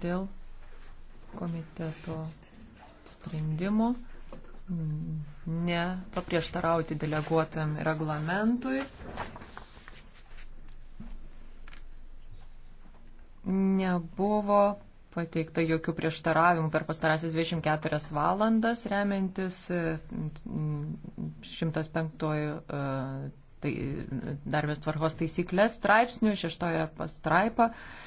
dėl komiteto sprendimo nepaprieštarauti deleguotam reglamentui. Nebuvo pateikta jokių prieštaravimų per pastarąsias 24 valandas, remiantis 105 e, e, tai, e, darbės tvarkos taisyklės straipsnių, 6 pastraipą.